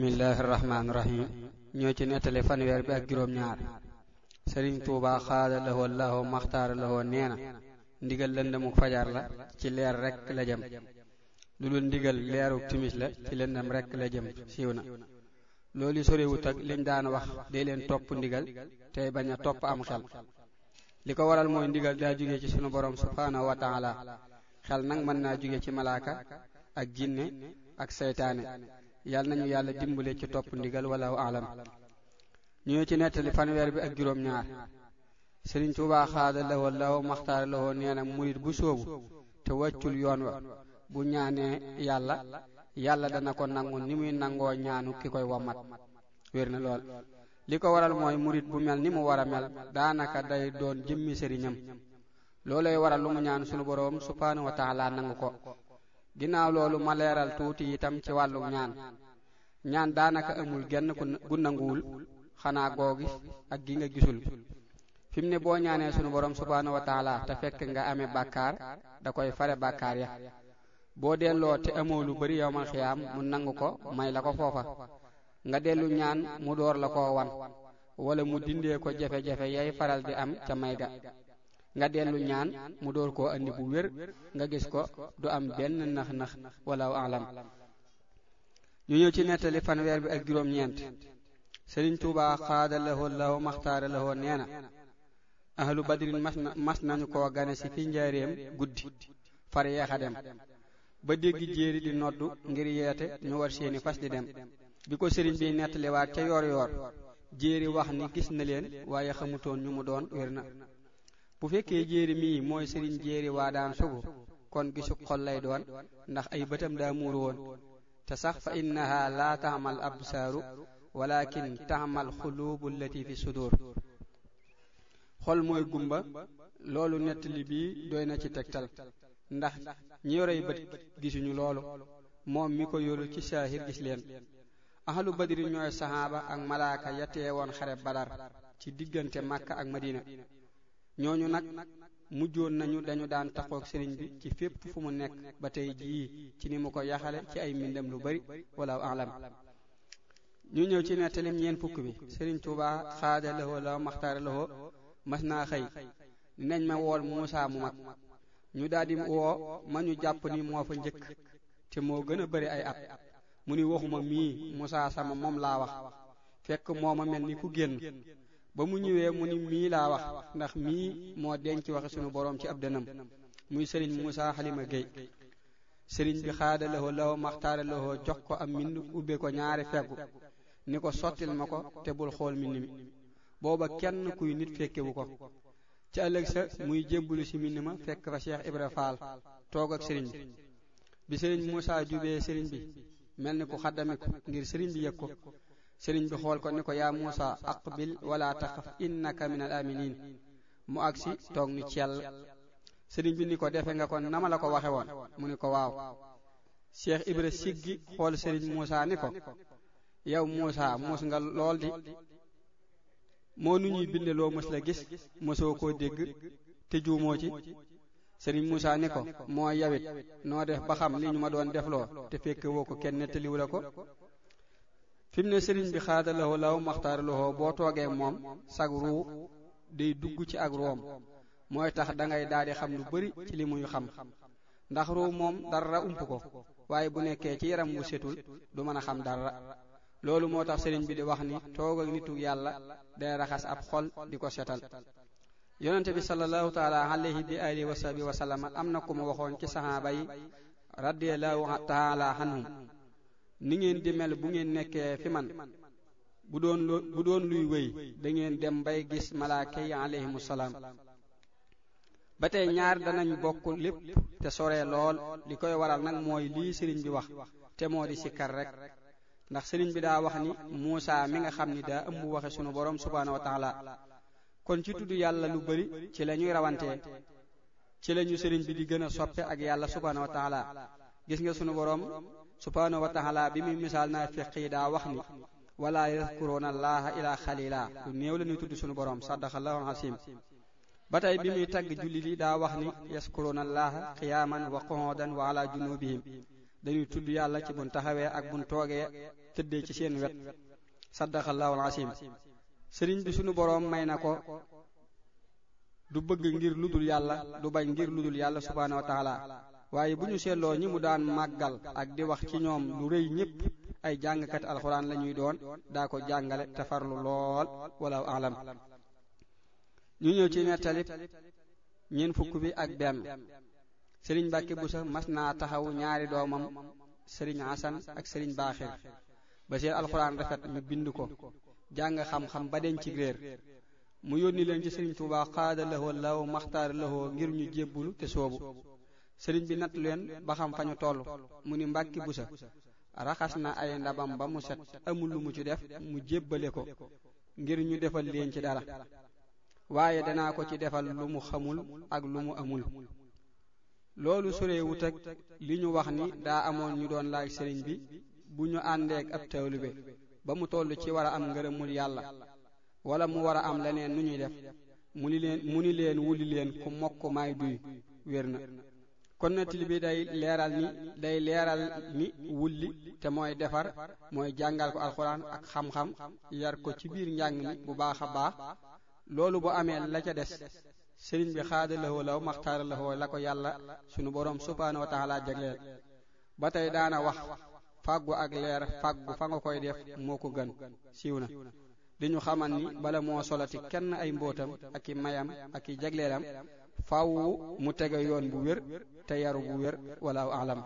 bismillahi irrahmaani irahim ñoo ci nettali fanweer bi ak juróom-ñaar sëriñ tuubaa xaada lahoo lahoo maxtaara lahoo nee na ndigal lëndëmuk fajar la ci leer rekk la jëm lu dul ndigal leeruk timis la ci lëndëm rekk la jëm siiw na loolu sorewut ak liñ daan wax dee leen topp ndigal tey bañ a topp am xel li ko waral mooy ndigal daa jóge ci sunu borom subhaanahu wa taala xel nag mën naa jóge ci malaaka ak jinne ak seytaane yàlla nañu yàlla dimbale ci topp ndigal walaahu alam ñoo ci nettali fanweer bi ak juróom ñaar sëriñ Tuubaa xaada lawoo law maxtaar lawoo nee murit bu soobu te wàccul yoon wa bu ñaanee yàlla yàlla dana ko nangu ni muy nangoo ñaanu ki koy wommat wér na lool li ko waral mooy murit bu mel ni mu war a mel daanaka day doon jëmmi sëriñam loolay waral lu mu ñaan sunu boroom subhaanahu wa nangu ko ginnaaw loolu ma leeral tuuti itam ci wàllu ñaan ñaan daanaka amul genn gu nanguwul xanaa goo gis ak gi nga gisul fi mu ne boo ñaanee sunu borom subhaanahu wa te fekk nga amee bàkkaar da koy fare bàkkaar ya boo delloo te amoo lu bari yow man xiyaam mu nangu ko may la ko foofa nga dellu ñaan mu door la ko wan wala mu dindee ko jafe-jafe yay faral di am ca may ga nga dellu ñaan mu door koo andi bu wér nga gis ko du am benn nax-nax walaaw alam ñu ñëw ci nettali fanweer bi ak juróom-ñeent sëriñ tuuba xaada lahoo lahoo maxtaara lahoo nee na ahlu badrin mas na mas nañu koo gane si fi njaareem guddi far yeex a dem ba dégg jéeri di noddu ngir yeete ñu war seeni fas di dem bi ko sëriñ bi nettaliwaat ca yoor yoor jéeri wax ni gis na leen waaye xamutoon ñu mu doon wér na bu fekkee jéeri mii mooy sëriñ jéeri waa daan sugu kon gisu xol lay doon ndax ay bëtam daa muur woon te sax fa innaha laa taamal absaaru walakin taamal xuluubu allati fi sudur xol mooy gumba loolu nettali bii doy na ci tegtal ndax ñi yorey bët gisuñu loolu moom mi ko yoru ci saahir gis leen ahlu badri ñooy saxaaba ak malaaka ya teewoon xare badar ci diggante màkka ak madina ñooñu nag mujjoon nañu dañu daan taqoog sëriñ bi ci fépp fu mu nekk ba tey jii ci ni mu ko yaxale ci ay mbindam lu bari wala alam ñu ñëw ci nettalim ñeen fukk bi sëriñ Tuubaa xaada lahoo la maxtaara lahoo mas naa xëy dinañ ma wool Muusaa mu mag ñu daldi woo ma ñu jàpp ni moo fa njëkk te moo gën a bari ay at mu ni waxuma mii Muusaa sama moom laa wax fekk moo ma mel ni ku génn ba mu ñëwee mu ni mii laa wax ndax mii moo denc waxe sunu boroom ci ab dënam muy sëriñ Moussa Halima Gueye sëriñ bi xaadalawoo law maxtaara jox ko am mbind ubbe ko ñaari feggu ni ko sottil ma ko te bul xool mbind mi booba kenn kuy nit fekkewu ko ci ëllëg sa muy jébbalu ci mbind ma fekk fa Cheikh Ibra Fall toog ak sëriñ bi bi sëriñ Moussa jubee sëriñ bi mel ni ku xaddamiku ngir sëriñ bi yëg ko sëriñ bi xool ko ni ko yaa Muusa aqbil wala taxaf innaka min al aminin mu agsi toog ni cell sëriñ bi ni ko defe nga kon nama la ko waxe woon mu ni ko waaw Cheikh Ibra siggi xool sëriñ Muusa ni ko yow Muusa muus nga lool di moo nu ñuy binde loo mës la gis mësoo koo dégg te juumoo ci sëriñ Moussa ni ko moo yawit noo def ba xam li ñu ma doon defloo te fekk ko kenn nettaliwu la ko fi mu ne sëriñ bi xaadalawoo law maxtaaralawoo boo toogee moom sag ruu day dugg ci ak room mooy tax da ngay daal di xam lu bari ci li muy xam ndax ruu moom dara ump ko waaye bu nekkee ci yaram wu setul du mën a xam dara loolu moo tax sëriñ bi di wax ni toog ak nitu yàlla day raxas ab xol di ko setal yonente bi sallallahu taala alayhi bi alihi wa sahbi wa sallama am na ku ma waxoon ci sahaaba yi radiallahu taala anhum ni ngeen di mel bu ngeen nekkee fi man bu doon lu doon luy wéy da ngeen dem bay gis malaaka yi alayhimu salaam ba tey ñaar danañ bokk lépp te sore lool li koy waral nag mooy lii sëriñ bi wax te moo di sikkar rek ndax sëriñ bi daa wax ni Muusa mi nga xam ni daa ëmb waxe sunu borom subhaanahu wa taala kon ci tudd yàlla lu bari ci la ñuy rawantee ci la ñu sëriñ bi di gën a soppe ak yàlla subhaanahu wa taala gis nga sunu borom subhaanahu wa taala bi muy misaal naa fiq yi daa wax ni wala yadkuruuna allaaha ilaa xalila lu néew la ñuy tudd suñu borom sadaqallahu asim ba tey bi muy tagg julli li daa wax ni yaskuruuna allaaha qiyaaman wa qu'udan wa ala junubihim dañuy tudd yàlla ci bun taxawee ak bun toogee tëddee ci seen wet sadaqallahu asim sëriñ bi sunu boroom may na ko du bëgg ngir ludul yàlla du bañ ngir ludul yàlla subhaanahu wa waaye bu ñu seetloo ñi mu daan màggal ak di wax ci ñoom lu rëy ñëpp ay jàngkat alxuraan lañuy ñuy doon daa ko jàngale te farlu lool walaw alam ñu ñëw ci nettali ñeent fukk bi ak benn sëriñ Mbàkke mas naa taxawu ñaari doomam sëriñ Asan ak sëriñ Baaxir ba alxuraan rafet ñu bind ko jàng xam-xam ba denc réer mu yónni leen ci sëriñ Tuubaa law maxtaar ngir ñu jébbulu te soobu sëriñ bi natt leen ba xam fa ñu toll mu ni mbàkki busa raxas na ay ndabam ba mu set amul lu mu ci def mu jébbale ko ngir ñu defal leen ci dara waaye danaa ko ci defal lu mu xamul ak lu mu amul loolu sorewut ak li ñu wax ni daa amoon ñu doon laaj sëriñ bi bu ñu àndeek ab tawlibe ba mu toll ci war a am ngërëmul yàlla wala mu war a am leneen nu ñuy def mu ni leen mu ni leen wuli leen ku mokk maay duy wér na kon nettali bi day leeral ni day leeral ni wulli te mooy defar mooy jàngal ko alxuraan ak xam-xam yar ko ci biir njàng mi bu baax a baax loolu bu amee la ca des sëriñ bi xaada lahoo law maxtaara lahoo la ko yàlla sunu borom subhaanahu wa taala jagleel ba tey daana wax fàggu ak leer fàggu fa nga koy def moo ko gën siiw na di ñu xamal ni bala moo solati kenn ay mbootam ak i mayam ak i jagleelam faaw mu tege yoon bu wér te yaru bu wér walaaw alam